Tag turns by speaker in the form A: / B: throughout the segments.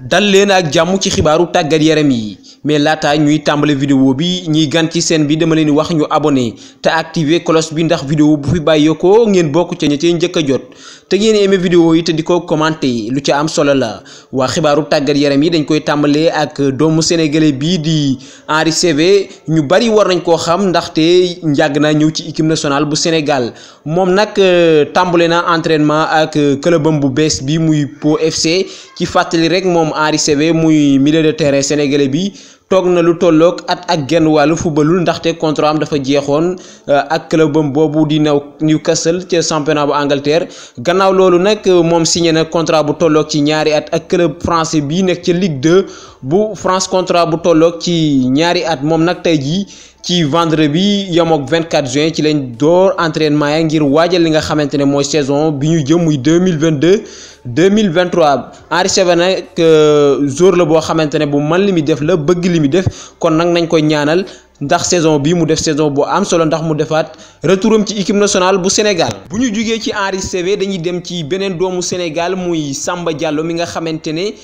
A: dal leen ak jàmm ci xibaaru tàggat yerem yi mais laata ñuy tàmbale vidéo bi ñiy gan ci seen bi dama leen wax ñu abone te activer cloche bi ndax vidéo bu fi bàyyeekoo ngeen bokk ca ña cee njëkk a jot te ngeen aimé vidéo yi di ko commenté lu ca am solo la waa xibaaru tàggat yaram yi dañ koy tàmbalee ak doomu sénégalais bii di Henri Saivet ñu bari war nañ koo xam ndaxte njàgg naa ñëw ci équipe nationale bu Sénégal moom nag euh, tàmbale na entrainement ak clubam bu bees bi muy Po FC ci fàttali rek moom Henri Saivet muy milieu de terrain sénégalais bi. toog na lu tolloog at ak genn wàllu fubalul ndaxte contrat am dafa jeexoon euh, ak clubam boobu di new Newcastle ca championnat bu Angleterre gannaaw loolu nag euh, moom signé na contrat bu tolloog ci ñaari at ak club français bii nekk ca Ligue 2 bu France contrat bu tolloog ci ñaari at moom nag tey jii ci vendredi bi yem vingt 24 juin ci lañ door entraînement ngir waajal li nga xamante ne mooy saison bi ñu jëm muy 2022 2023 Henri Saivet nag euh, jour la boo xamante ne bu man li muy def la bëgg li muy def kon nag nañ ko ñaanal ndax saison bi mu def saison bu am solo ndax mu defaat retouram ci équipe national bu Sénégal bu ñu jugee ci Henri Saivet dañuy dem ci beneen doomu Sénégal muy Samba Diallo mi nga xamante ne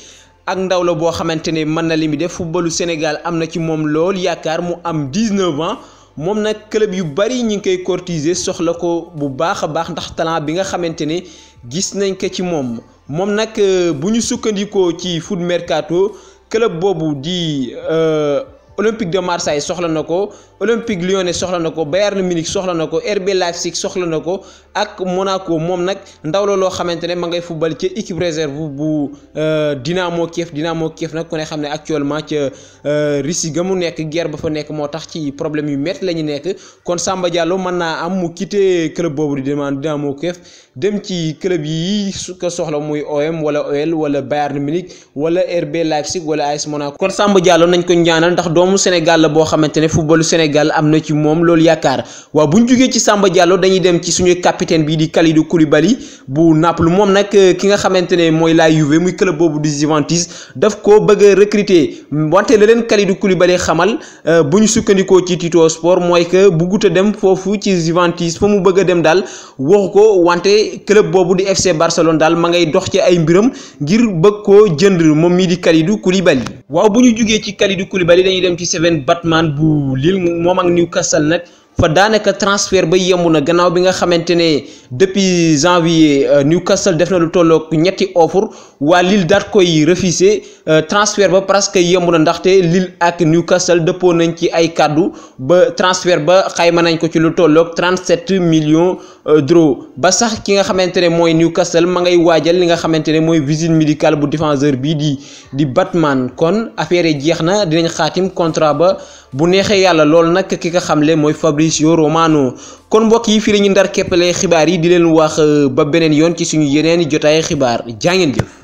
A: ak ndaw la boo xamante ne mën na li mu def footballu Sénégal am na ci moom lool yaakaar mu am 19 ans moom nag club yu bari ñi ngi koy courtiser soxla ko bu baax a baax ndax talent bi nga xamante ne gis nañ ko ci moom moom nag euh, bu ñu sukkandikoo ci foot mercato club boobu di. Euh, Olympique de Marseille soxla na ko Olympique Lyonnais soxla na ko Bayern Munich soxla na ko RB Leipzig soxla na ko ak Monaco moom nag ndaw la loo xamante ne ma ngay football ci équipe réserve bu euh, Dynamo Kiev Dynamo Kiev nag ku ne xam ne actuellement ca euh, Russie ga mu nekk guerre ba fa nekk moo tax ci problème yu métti la ñu nekk kon Samba Diallo mën naa am mu quitté club boobu di demande Dynamo Kiev dem ci club yi ko soxla muy OM wala OL wala Bayern Munich wala RB Leipzig wala AS Monaco kon Samba Diallo nañ ko ñaanal ndax doomu Sénégal la boo xamante ne footballu Sénégal am na ci moom loolu yaakaar waaw bu ñu jugee ci Samba Diallo dañuy dem ci suñu capitaine bii di Kalidou Koulibaly bu Naples moom nag euh, ki nga xamante ne mooy la Juve muy club boobu di Juventus daf ko bëgg a recruter wante la leen Kalidou Koulibaly xamal euh, bu ñu sukkandikoo ci Tito Sport mooy que buggut a dem foofu ci Juventus fa mu bëgg a dem daal waxu ko wante club boobu di FC Barcelone daal ma ngay dox ci ay mbiram ngir bëgg koo jënd moom mii di Kalidou Koulibaly 27 Batman bu Lille mom ak Newcastle nak fa daanaka transfert ba yemb na gannaaw bi nga depuis janvier euh, Newcastle def na lu tollook ñetti offre wa Lille ko koy refusé euh, transfert ba presque yemb na ndaxte Lille ak Newcastle depo nañ ci ay cadeau ba transfert ba xayma nañ ko ci lu 37 millions. Euh, draw ba sax ki nga xamante ne mooy Newcastle ma ngay waajal li nga xamante ne mooy visite médicale bu défenseur bii di di Batman kon affaire yi jeex na dinañ xaatim contrat ba bu neexee yàlla loolu nag ki nga xamle mooy Fabrizio Romano kon mbokk yi fii la ñu ndar keppalee xibaar yi di leen wax euh, ba beneen yoon ci suñu yeneen jotaay xibaar jaa ngeen jëf.